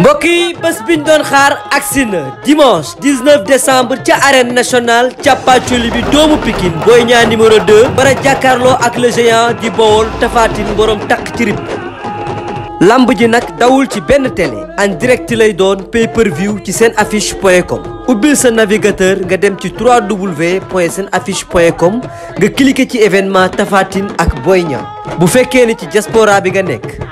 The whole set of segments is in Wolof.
mbokk yi bi biñ doon xaar agsi na dimanche 19 décembre ca arène nationale càppaacoli bi doomu Pikine Boy Niang numéro 2 bara jàkkaarloo ak le géant di Bawol tafaatin Tine boroom takk ci rib ji nag dawul ci benn télé en direct lay doon pay per ci seen affiche point com ubbil sa navigateur nga dem ci 3w point seen affiche point com nga cliqué ci événement Tapha Tine ak Boy bu fekkee ni ci diaspora bi nga nekk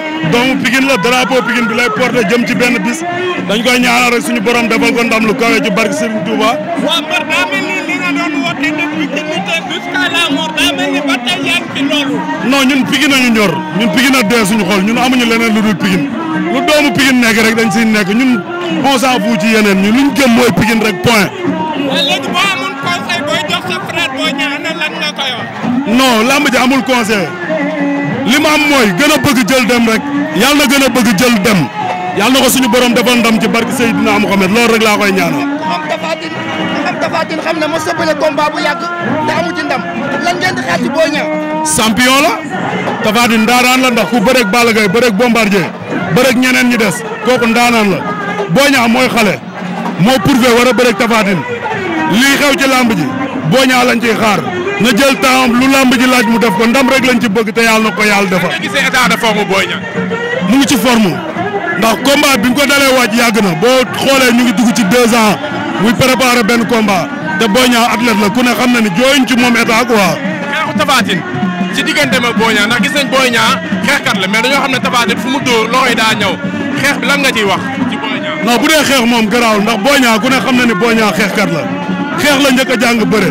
doomu Pikine la drapeau Pikine bi lay porté jëm ci benn bis dañ koy ñaanal rek suñu borom defal ko ndam lu kawe ci barke Serigne Touba. waaw mbër daa mel ni li nga doon woote depuis dignité jusqu'à la mort daa mel ni ba ñun Pikine nañu ñor ñun Pikine na dee suñu xol ñun amuñu leneen lu dul Pikine lu doomu Pikine nekk rek dañ siy nekk ñun on s'en ci yeneen ñun luñ gëm mooy Pikine rek point. léegi boo amoon conseil booy jox sa frère boo ñaanal lan nga koy wax. non lamb ji amul conseil. mu am mooy gën a bëgg jël dem rek yàlla na gën a bëgg jël dem yàlla na ko suñu borom defal dam ci barke Seydina Mohamed loolu rek laa koy ñaanal. moom Tapha Tine moom Tapha Tine xam ne ma sëppale combat bu yàgg te amu ci ndam lan ngeen di xaar ci la Tapha Tine ndaanaan la ndax ku bëreeg Balla Gaye bëreeg Bombardier bëreeg ñeneen ñi des kooku ndaanaan la Boy Niang mooy xale moo prouvé war a bëreeg Tapha lii xew ci lamb ji Boy Niang lañ ciy xaar na jël temps lu lamb ji laaj mu def ko ndam rek lañ ci bëgg te yàlla na ko yàlla defal. gisee état de forme Boy Niang mu ngi ci forme ndax combat bi nga ko dalee waaj yàgg na boo xoolee ñu ngi dugg ci deux ans muy préparer benn combat te Boy Niang athlète la ku ne xam na ni jooyuñ ci moom état quoi. xeexu tafaatin ci diggante ma Boy Niang ndax gis nañ Boy Niang xeexkat la mais dañoo xam ne tafaatin fu mu dóor loxo daa ñëw xeex bi lan nga ciy wax. ci bu dee xeex moom garaaw ndax Boy Niang ne xam na ni Boy Niang xeexkat la. xeex la njëkk a jàng bëre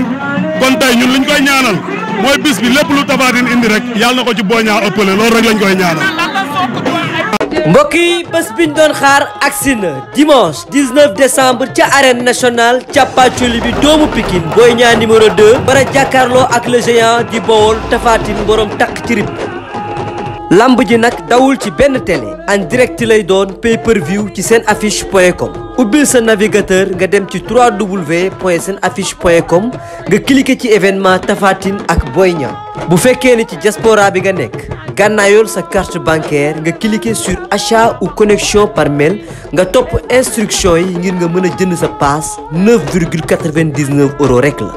kon tey ñun liñ koy ñaanal mooy bis bi lépp lu Tapha Tine indi rek yàlla na ko ci Boy Niang ëppale loolu rek lañ koy ñaanal. mbokk yi bés biñ doon xaar agsi na dimanche décembre ca arène nationale càppaacoli bi doomu Pikine Boy Niang bara jàkkaarloo ak le géant di Bawol Tapha boroom takk ci rib ji nag dawul ci benn télé en direct lay doon pay ci seen affiche point ubbil sa navigateur nga dem ci www.senaffiche.com nga cliquer ci événement Tapha ak Boy Niang bu fekkee ni ci diaspora bi nga nekk gànnaayool sa carte bancaire nga cliquer sur achat ou connexion par mail nga topp instruction yi ngir nga mën a jënd sa paas 9,99 euros rek la.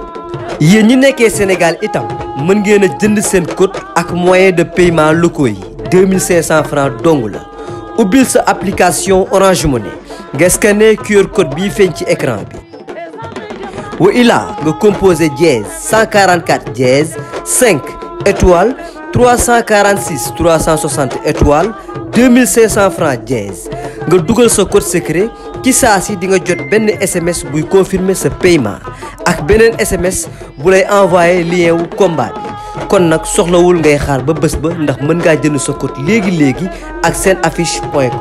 yéen ñi nekkee Sénégal itam mën ngeen a jënd seen code ak moyen de paiement locaux yi 2500 francs dong la ubbil sa application Orange Money. nga scanné QR code bii feeñ ci ecran bi wa nga composé dièse 144 dièse 5 étoile 346 360 étoile 2500 francs dièse nga dugal sa code secret ci saa si di nga jot benn SMS buy confirmer sa payman ak beneen SMS bu lay envoyé lien wu combat kon nag soxlawul ngay xaar ba bés ba ndax mën ngaa jënd sa code léegi léegi ak seen affiche point